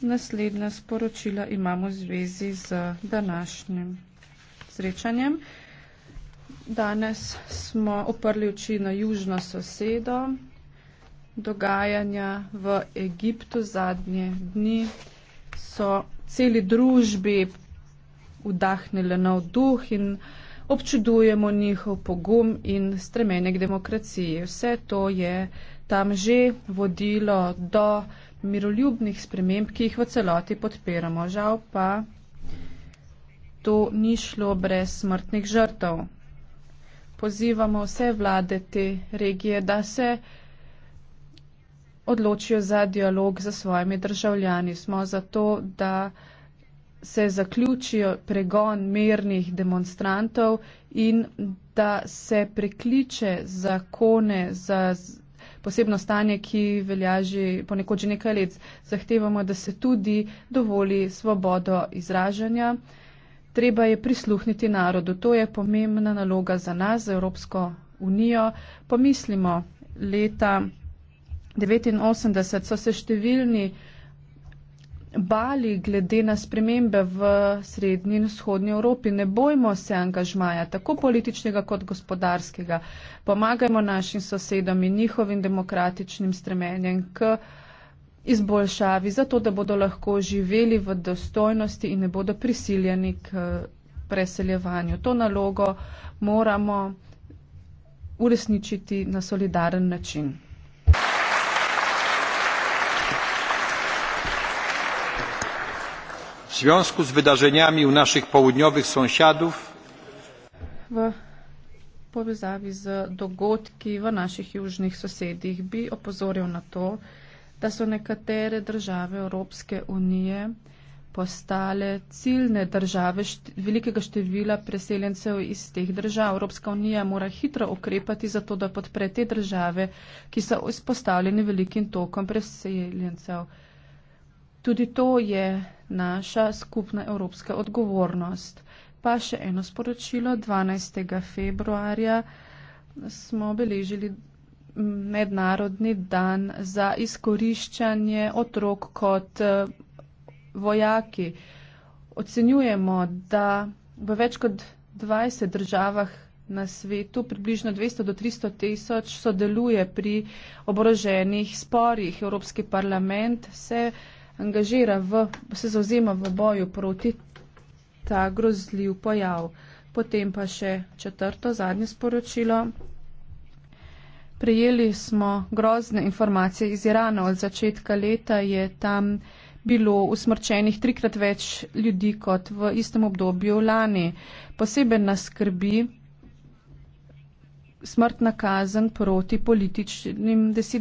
Naslednja sporočila imamo v zvezi z današnjim srečanjem. Danes smo oprli oči na južno sosedo, dogajanja v Egiptu zadnje dni so celi družbi vdahnile nov duh in občudujemo njihov pogum in stremenje k demokraciji. Vse to je tam že vodilo do miroljubnih sprememb, ki jih v celoti podpiramo. Žal pa to ni šlo brez smrtnih žrtev. Pozivamo vse vlade te regije, da se odločijo za dialog za svojimi državljani. Smo zato, da se zaključijo pregon mernih demonstrantov in da se prekliče zakone za posebno stanje, ki velja že ponekod že nekaj let. Zahtevamo, da se tudi dovoli svobodo izražanja. Treba je prisluhniti narodu. To je pomembna naloga za nas, za Evropsko unijo. Pomislimo, leta 1989 so se številni bali glede na spremembe v srednji in vzhodnji Evropi. Ne bojmo se angažmaja, tako političnega kot gospodarskega. Pomagajmo našim sosedom in njihovim demokratičnim stremenjem k izboljšavi, zato da bodo lahko živeli v dostojnosti in ne bodo prisiljeni k eh, preseljevanju. To nalogo moramo uresničiti na solidaren način. związku z wydarzeniami u naszych południowych sąsiadów w powiązaniu z dogodki w naszych južnych sąsiedach by opozorił na to, da są niektóre države Europejskiej Unii postale ciljne države velikega števila preseljencev iz teh držav. Evropska unija mora hitro ukrepati za to, da podpre te države, ki so izpostavljene velikim tokom preseljencev. Tudi to je naša skupna evropska odgovornost. Pa še eno sporočilo. 12. februarja smo beležili mednarodni dan za izkoriščanje otrok kot eh, vojaki. Ocenjujemo, da v več kot 20 državah na svetu približno 200 do 300 tisoč sodeluje pri oboroženih sporih. Evropski parlament se angažira v, se zauzema v boju proti ta grozljiv pojav. Potem pa še četrto, zadnje sporočilo. Prejeli smo grozne informacije iz Irana. Od začetka leta je tam bilo usmrčenih trikrat več ljudi kot v istem obdobju lani. Posebej nas skrbi smrtna kazen proti političnim desidentom.